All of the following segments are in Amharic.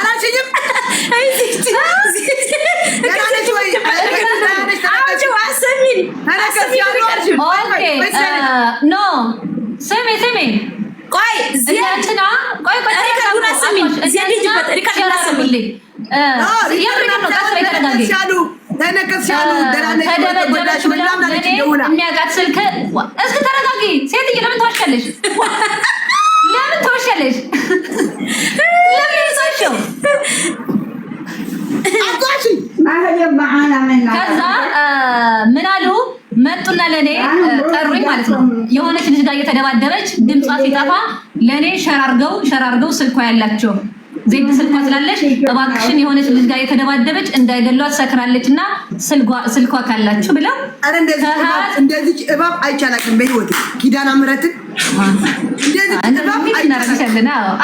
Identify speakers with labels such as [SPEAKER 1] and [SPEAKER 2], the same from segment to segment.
[SPEAKER 1] አላልሽኝም? ኖ ስሚ ስሚ ቆይ እዚያችና ቆይ ቆይ እዚያ ልጅ ሪካርድ ላሰሚልኝ የሚያውቃት ስልክ እስኪ ተረጋጊ ሴትዬ ለምን ተወሻለሽ ለምን ተወሻለሽ
[SPEAKER 2] ከዛ
[SPEAKER 1] ምን አሉ መጡና ለእኔ ጠሩኝ ማለት ነው። የሆነች ልጅ ጋር እየተደባደበች ድምጿ ሲጠፋ ለእኔ ሸራርገው ሸራርገው ስልኳ ያላቸው ዜድ ስልኳ ስላለች እባክሽን የሆነች ልጅ ጋር የተደባደበች እንዳይገሏት ሰክራለች እና ስልኳ ካላችሁ ብለው
[SPEAKER 2] እንደዚህ እባብ አይቻላትም። በህይወት ኪዳነ ምሕረትን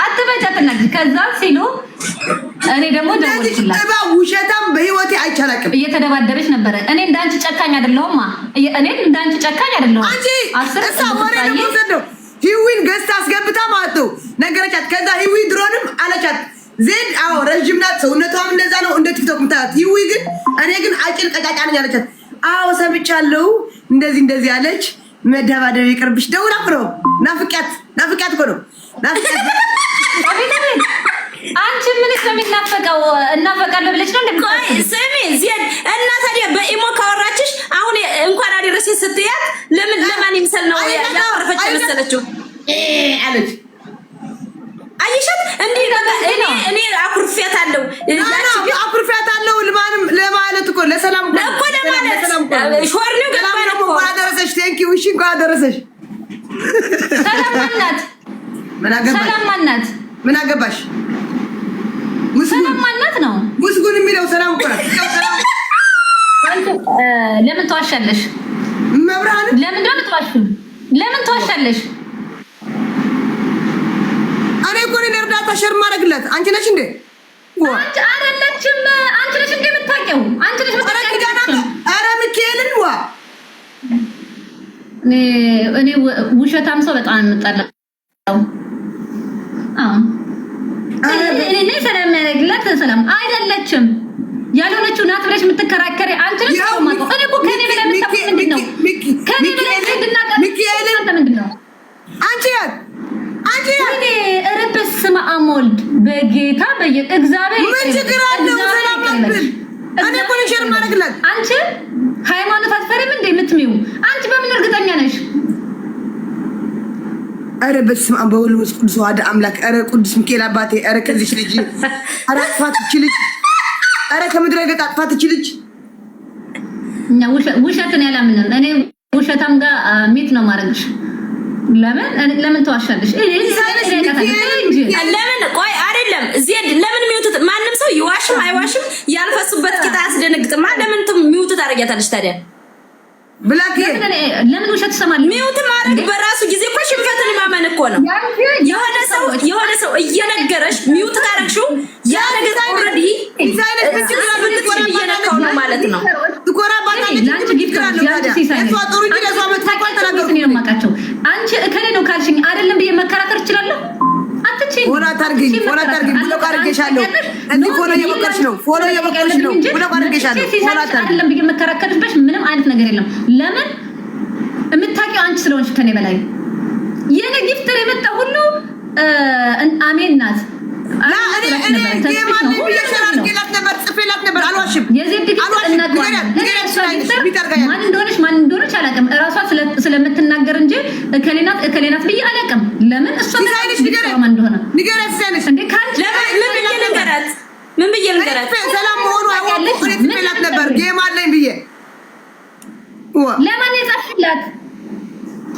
[SPEAKER 1] አትበጫትና ከዛ ሲሉ እኔ ደግሞ
[SPEAKER 2] ደውልኩላት። ውሸታም በህይወቴ አይቻላቅም።
[SPEAKER 1] እየተደባደበች ነበረ። እኔ እንዳንቺ ጨካኝ አይደለሁማ። እኔ እንዳንቺ ጨካኝ አይደለሁም።
[SPEAKER 2] እሳ ወሬ ደግሞ ሰደው ሂዊን ገዝታ አስገብታ ማለት ነው ነገረቻት። ከዛ ሂዊ ድሮንም አለቻት ዜድ አዎ ረዥም ናት፣ ሰውነቷም እንደዛ ነው እንደ ቲክቶክ ምታያት። ሂዊ ግን እኔ ግን አጭር ቀጫጫ ነኝ አለቻት። አዎ ሰምቻለሁ፣ እንደዚህ እንደዚህ አለች። መደባደብ ይቅርብሽ። ደውላ ነው ናፍቂያት ናፍቂያት ነው ናፍቂያት
[SPEAKER 1] እሱም ይናፈቀው እናፈቃለሁ ብለሽ ነው እንደምትቆይ ስሚ ዜድ እና ታዲያ በኢሞ ካወራችሽ አሁን እንኳን አደረሰ ስትያት ለምን ለማን ይምሰል ነው ያወረፈች መሰለችው አለች አይሻት እንዴ እኔ እኔ አኩርፊያታለሁ
[SPEAKER 2] ያቺ አለው ለማንም ለማለት እኮ ለሰላም
[SPEAKER 1] እኮ ለማለት
[SPEAKER 2] ሾርኒው ገባ ነው እኮ አደረሰሽ ቴንክ ዩ እሺ እንኳን አደረሰሽ
[SPEAKER 1] ሰላም ማናት ምን አገባሽ ሰላም ማናት ምን አገባሽ ሰላም ማናት ነው
[SPEAKER 2] ጉስጉን የሚለው ሰላም እኮ ናት።
[SPEAKER 1] ለምን ተዋሻለሽ? መብርሃን ለምን ደም ተዋሽ? ለምን ተዋሻለሽ?
[SPEAKER 2] እኔ እኮ ነኝ እርዳታ ሸር ማድረግለት። አንቺ ነሽ እንዴ?
[SPEAKER 1] አንቺ አይደለችም። አንቺ ነሽ እንዴ የምታውቂው? አንቺ ነሽ
[SPEAKER 2] የምታውቂው? አረ ሚካኤልን ዋ
[SPEAKER 1] እኔ ውሸታም ሰው በጣም የምጠላ አይደለም አይደለችም ያልሆነችው ናት ብለሽ የምትከራከሪ አንቺ ነሽ። ሰማቶ እኔ እኮ ከኔ ብለ የምታውቀው ምንድን ነው? ከኔ ብለህ እንድናቀር አንተ ምንድን ነው?
[SPEAKER 2] አንቺ ያት አንቺ ያት
[SPEAKER 1] እኔ እረበስ አሞልድ በጌታ በየ እግዚአብሔር
[SPEAKER 2] ምን ችግር አለው? ሰላም እኔ እኮ ልጅ
[SPEAKER 1] አንቺ ሃይማኖት አትፈሪም እንዴ የምትሚው አንቺ በምን እርግጠኛ ነሽ?
[SPEAKER 2] አረ በስመ አብ በወልድ ወመንፈስ ቅዱስ ዋደ አምላክ። አረ ቅዱስ ሚካኤል አባቴ። አረ ከዚች ልጅ አረ አጥፋት እቺ ልጅ። አረ ከምድረ ገጽ አጥፋት እቺ ልጅ።
[SPEAKER 1] እኛ ውሸትን ያላምንም። እኔ ውሸታም ጋር ሚት ነው ማድረግሽ። ለምን ለምን ተዋሻለሽ? ለምን ቆይ አይደለም እዚህ ለምን ሚውትት ማንም ሰው ይዋሽም አይዋሽም ያልፈሱበት ቂጣ ያስደነግጥማ። ለምን ሚውትት አረጊያታለሽ ታዲያ? ብላክ ለምን ውሸት ሰማል? ሚውት ማድረግ በራሱ ጊዜ እኮ ሽንፈትን ማመን እኮ ነው። የሆነ ሰው የሆነ ሰው እየነገረሽ ሚውት ያ ነገር ኦልሬዲ እየነካው ነው ማለት ነው። አንቺ እከሌ ነው ካልሽኝ አይደለም ብዬ መከራከር እችላለሁ።
[SPEAKER 2] ብሎክ አድርጌሻለሁ። እዚህ ፎሎ እየሞከርሽ ነው፣ ፎሎ እየሞከርሽ ነው። ብሎክ አድርጌሻለሁ።
[SPEAKER 1] አይደለም ብዬ የምከራከርበት ምንም አይነት ነገር የለም። ለምን የምታውቂው አንቺ ስለሆንሽ ከኔ በላይ የኔ ጊፍተር የመጣ ሁሉ አሜን ናት። ማን እንደሆነች ማን እንደሆነች አላውቅም። እራሷ ስለምትናገር እንጂ እከሌናት እከሌናት ብዬ አላውቅም። ለምን እሷ
[SPEAKER 2] ምን ለማን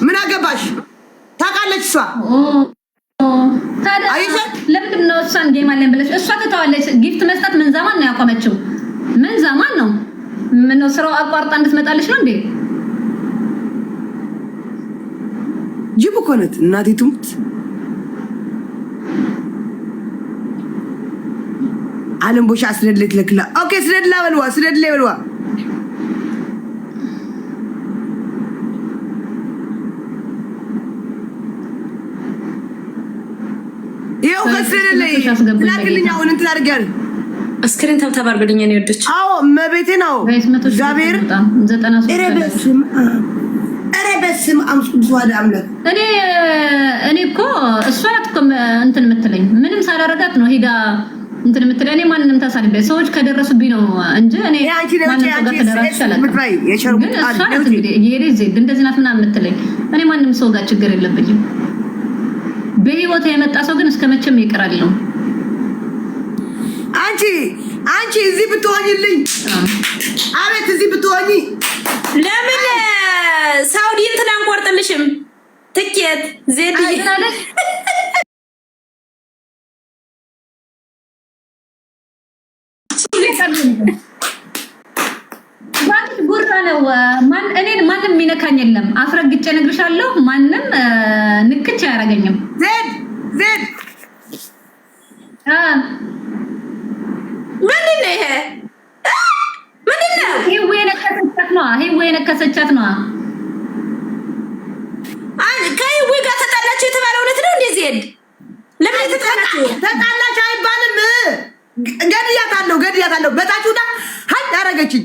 [SPEAKER 2] ምን አገባሽ? ታውቃለች እሷ ታዲያ
[SPEAKER 1] ለምንድን ነው ጌም አለን ብለሽ? እሷ ትተዋለች። ጊፍት መስጠት ምን ዛማን ነው ያቆመችው? ምን ዛማን ነው? ምን ነው ስራው አቋርጣ እንድትመጣለች ነው እንዴ?
[SPEAKER 2] ጅቡ እኮ ናት እናቴ ትሙት። አለም ቦሻ ስደድላ ለክላ ኦኬ፣ ስደድላ በልዋ፣ ስደድላ በልዋ ላክልኝ። አሁን እንትን አድርጊያለሁ።
[SPEAKER 1] እስክሪን ተብተብ አድርግልኝ። እኔ ወደች
[SPEAKER 2] አዎ፣ መቤቴ ነው እግዚአብሔር ኧረ በስመ አብ ቅዱስ ዋለ አምላክ።
[SPEAKER 1] እኔ እኔ እኮ እሷ ናት እኮ እንትን የምትለኝ ምንም ሳላረጋት ነው ሄዳ እንትን የምትለኝ። እኔ ማንንም ታሳድበ ሰዎች ከደረሱብኝ ነው እንጂ እኔ ማንም ሰው ጋር ችግር የለብኝም። በህይወት የመጣ ሰው ግን እስከ መቼም ይቅር አለው።
[SPEAKER 2] አንቺ አንቺ እዚህ ብትሆኝልኝ፣ አቤት እዚህ ብትሆኝ፣
[SPEAKER 1] ለምን ሳውዲ እንትን አንቆርጥልሽም? ትኬት ዜድ ጉራ ነው። እኔን ማንም የሚነካኝ የለም። አስረግጬ እነግርሻለሁ። ማንም ንክች አያደርገኝም። ዜድ ምንድን ነው ይሄ? ምንድን ነው ሂዊ የነከሰቻት ነዋ። ሂዊ የነከሰቻት ነዋ። ከሂዊ ጋር ተጣላችሁ የተባለ እውነት ነው እንዴ? ዜድ ለምን
[SPEAKER 2] ተጣላችሁ አይባልም። ገድያታለሁ፣ ገድያታለሁ። በታችሁና ሀይ አደረገችኝ።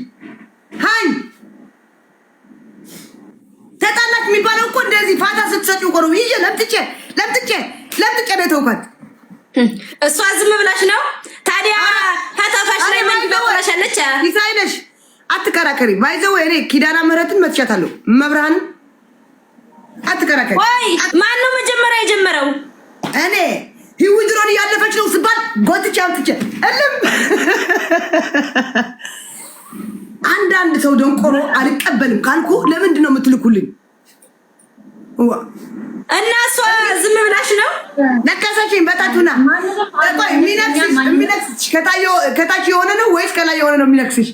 [SPEAKER 2] ሀይ ተጣላችሁ የሚባለው እኮ እንደዚህ ፋታ ስትሰጪው እኮ ነው። ይዤ ለምጥቼ ለምጥቼ ለምን ቀደተውኳት?
[SPEAKER 1] እሷ ዝም ብላሽ ነው ታዲያ ከተፋሽ ላይ ምን ይበቁረሻለች?
[SPEAKER 2] ይሳይነሽ አትከራከሪ። ባይዘው እኔ ኪዳና ምሕረትን መትቻታለሁ። መብራን አትከራከሪ።
[SPEAKER 1] ወይ ማን ነው መጀመሪያ የጀመረው?
[SPEAKER 2] እኔ ህውድሮን እያለፈች ነው ስባል ጎትቼ አምጥቼ እልም። አንዳንድ ሰው ደንቆሮ አልቀበልም ካልኩ ለምንድን ነው የምትልኩልኝ?
[SPEAKER 1] እና እሷ ዝም ብላሽ ነው
[SPEAKER 2] ነከሰችኝ። በታችሁና የሚነክስሽ ከታች የሆነ ነው ወይስ ከላይ የሆነ ነው የሚነክስሽ?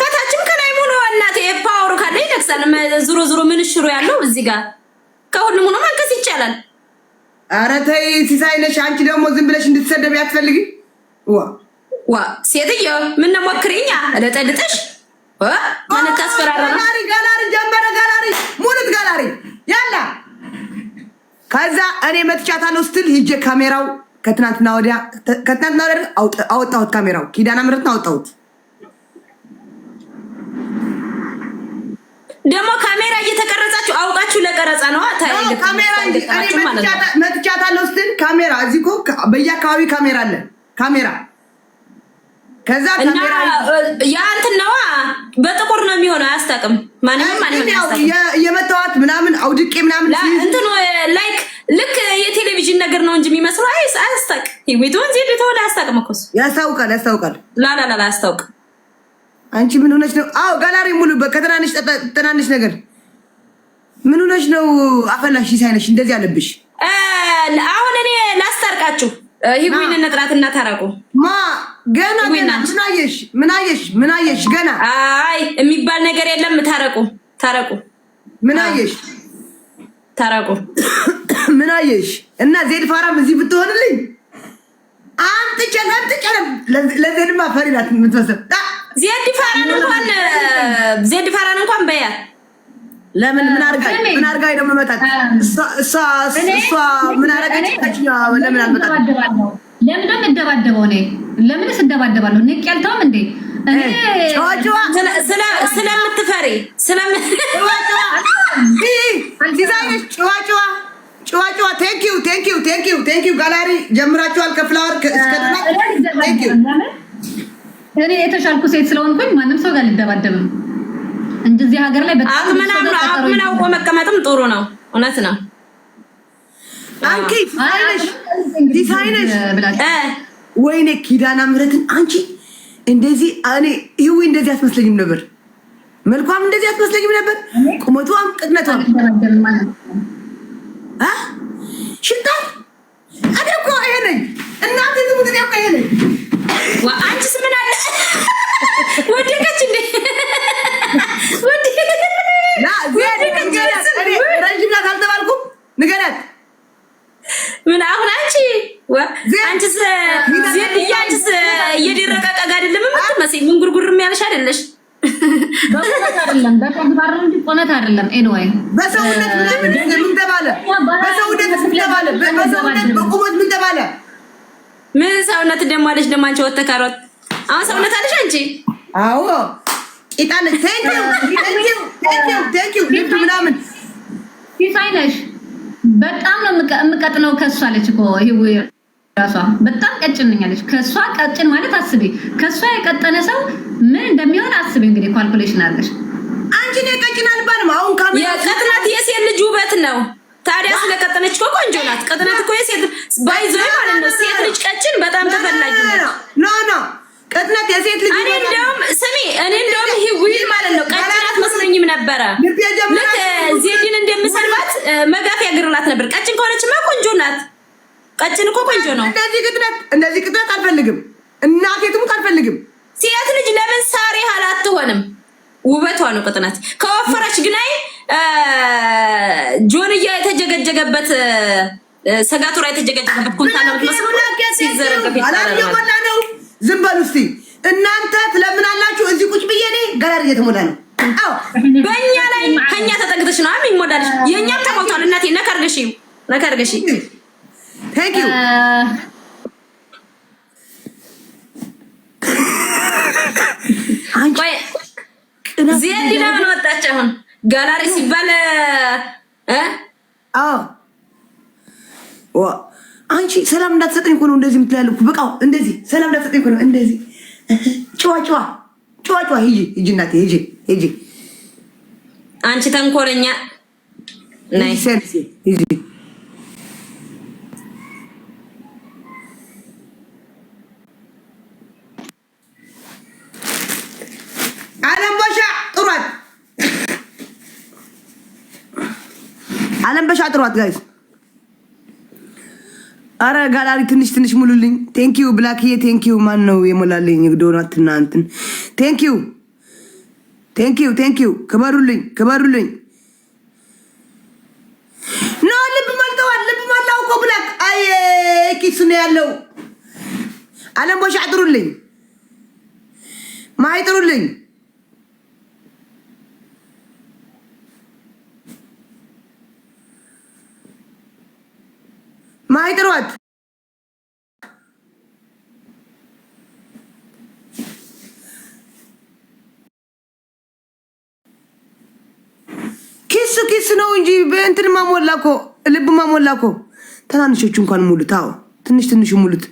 [SPEAKER 1] ከታችም ከላይም ሆኖ እናቴ ፓወሩ ካለ ይነክሳል። ዞሮ ዞሮ ምንሽሩ ያለው እዚህ ጋር ከሁሉም ሆኖ መንከስ ይቻላል።
[SPEAKER 2] ኧረ ተይ ሲሳይ ነሽ አንቺ። ደግሞ ዝም ብለሽ እንድትሰደብ ያትፈልጊ ዋ
[SPEAKER 1] ዋ ሴትዮ ምነው ሞክሪኛ ለጠልጥሽ መነት ታስፈራራ
[SPEAKER 2] ጋላሪ ጋላሪ ጀመረ ጋላሪ ሙሉት ጋላሪ ያላ ከዛ እኔ መጥቻታለሁ ስትል ሂጄ ካሜራው ከትናንትና ወዲያ ከትናንትና ወዲያ አወጣሁት። ካሜራው ኪዳነ ምሕረትን አወጣሁት።
[SPEAKER 1] ደግሞ ካሜራ እየተቀረጻችሁ አውቃችሁ ለቀረጻ ነው
[SPEAKER 2] ነዋ። መጥቻታለሁ ስትል ካሜራ እዚህ እኮ በየአካባቢ ካሜራ አለ ካሜራ ከዛ
[SPEAKER 1] ነዋ በጥቁር ነው የሚሆነው። አያስታውቅም።
[SPEAKER 2] ማንንም የመተዋት ምናምን አውድቄ ምናምን
[SPEAKER 1] ላይክ ልክ የቴሌቪዥን ነገር ነው እንጂ የሚመስለው አይስ ዜድ እኮ እሱ
[SPEAKER 2] ያስታውቃል፣ ያስታውቃል። ላላላ አንቺ ምን ሆነች ነው? አዎ ጋላሪ ከትናንሽ ትናንሽ ነገር ምን ሆነች ነው? አፈላሽ ሳይነሽ እንደዚህ አለብሽ።
[SPEAKER 1] አሁን እኔ ላስታርቃችሁ ሂጉን ነጥራትና ታረቁ
[SPEAKER 2] ማ ገና ገና ምናየሽ ምናየሽ ምናየሽ ገና
[SPEAKER 1] አይ የሚባል ነገር የለም። ታረቁ ታረቁ ምናየሽ ታረቁ
[SPEAKER 2] ምናየሽ እና ዜድ ፋራም እዚህ ብትሆንልኝ አምጥቼን አምጥቼን ለዜድማ ፈሪ ናት
[SPEAKER 1] ዜድ ፋራን እንኳን ዜድ ፋራን እንኳን በያ
[SPEAKER 2] ለምን ምን አርጋይ ምን አርጋይ ደግሞ መጣች? እሷ እሷ ምን አረጋች? ለምን አልመጣች?
[SPEAKER 1] ለምን ደም እንደባደበው ነው? ለምን ስደባደባለሁ? ንቅ ያልተውም እንዴ ስለምትፈሪ ስለምትዲዛይነች
[SPEAKER 2] ጭዋጭዋ ጭዋጭዋ ቴንክ ዩ ቴንክ ጋላሪ ጀምራችኋል። ከፍላወር
[SPEAKER 1] እኔ የተሻልኩ ሴት ስለሆንኩኝ ማንም ሰው ጋር ልደባደብም እንጂ ሀገር ላይ በጣም ምን አውቆ መቀመጥም ጥሩ ነው። እውነት ነው።
[SPEAKER 2] አንቺ ዲዛይነሽ ዲዛይነሽ ወይኔ ኪዳነ አንቺ እንደዚህ እኔ እንደዚህ አትመስለኝም ነበር። መልኳም እንደዚህ አትመስለኝም ነበር። ቁመቷም፣ ቅጥነቷም ሽታ አደቆ አይሄ ነኝ እናቴ ዝም ብትያቆ ነኝ
[SPEAKER 1] ሰውነት አይደለም። ኤንዋይ
[SPEAKER 2] በሰውነት ምን ተባለ? በሰውነት ምን ተባለ? በሰውነት በቁመት ምን ተባለ?
[SPEAKER 1] ምን ሰውነት ደግሞ አለች። ደግሞ አንቺ ወተህ ካሮት አሁን ሰውነት አለች አንቺ።
[SPEAKER 2] አዎ ቂጣለች። ቴንኪው ምናምን
[SPEAKER 1] ሲሳይነሽ በጣም ነው የምቀጥነው። ከሷ አለች እኮ ራሷ በጣም ቀጭን ነኝ አለች። ከሷ ቀጭን ማለት አስቤ ከሷ የቀጠነ ሰው ምን እንደሚሆን አስቤ። እንግዲህ ካልኩሌሽን አለች
[SPEAKER 2] አንቺን የቀጭን አልባልም። አሁን
[SPEAKER 1] የቅጥነት የሴት ልጅ ውበት ነው። ታዲያ ስለቀጠነች እኮ ቆንጆ ናት። ቀጥናት እኮ የሴት ባይዞ ማለት ነው። ሴት ልጅ ቀጭን በጣም ተፈላጊ
[SPEAKER 2] ኖ ኖ የሴት
[SPEAKER 1] ልጅ እኔ እንደውም ስሚ፣ እኔ እንደውም ማለት ነው ነበረ። ልክ ዜድን እንደምሰልባት ያግርላት ነበር። ቀጭን ከሆነችማ ቆንጆ ናት። ቀጭን እኮ ቆንጆ ነው።
[SPEAKER 2] እንደዚህ ቅጥነት እንደዚህ ቅጥነት አልፈልግም። እናቴ ትሙት አልፈልግም።
[SPEAKER 1] ሴት ልጅ ለምን ሳሬ ሀል አትሆንም? ውበቷ ነው ቅጥነት። ከወፈረች ግናይ ጆንያ የተጀገጀገበት ሰጋቱራ የተጀገጀገበት
[SPEAKER 2] ኩንታ ነው። ዝም በሉ እስኪ እናንተ ትለምናላችሁ። እዚህ ቁጭ ብዬ እኔ ገላር እየተሞላ ነው።
[SPEAKER 1] አዎ በእኛ ላይ ከኛ ተጠግተሽ ነው የሚሞዳልሽ። የእኛም ተሞልቷል። እናቴ ነከርገሽ ነከርገሽ ታንክ ዩ አንቺ ዜድ ለምን ወጣች? አሁን ጋላሪ ሲባል
[SPEAKER 2] አንቺ ሰላም እንዳትሰጠኝ እኮ ነው እንደዚህ የምትላለሁ። በቃ እንደዚህ ሰላም እንዳትሰጠኝ እኮ ነው እንደዚህ ጨዋ ጨዋ ጨዋ ጨዋ። ሂጂ ሂጂ እናቴ ሂጂ ሂጂ።
[SPEAKER 1] አንቺ ተንኮለኛ
[SPEAKER 2] ነይ ሂጂ ሞክሯት ጋይስ። አረ ጋላሪ ትንሽ ትንሽ ሙሉልኝ። ቴንኪዩ ብላክዬ ቴንኪዩ። ማን ነው የሞላልኝ? ዶናት እና ቴንኪዩ ቴንኪዩ ቴንኪዩ። ክበሩልኝ ክበሩልኝ። ኖ ልብ መልተዋል። ልብ መላው እኮ ብላክ። አየ ኪሱ ነው ያለው። አለም ቦሻ አጥሩልኝ፣ ማይ ጥሩልኝ ማይጥሯት ኪስ ኪስ ነው እንጂ እንትን ማሞላኮ ልብ ማሞላኮ። ትናንሾቹ እንኳን ሙሉት። አዎ ትንሽ ትንሹ ሙሉት።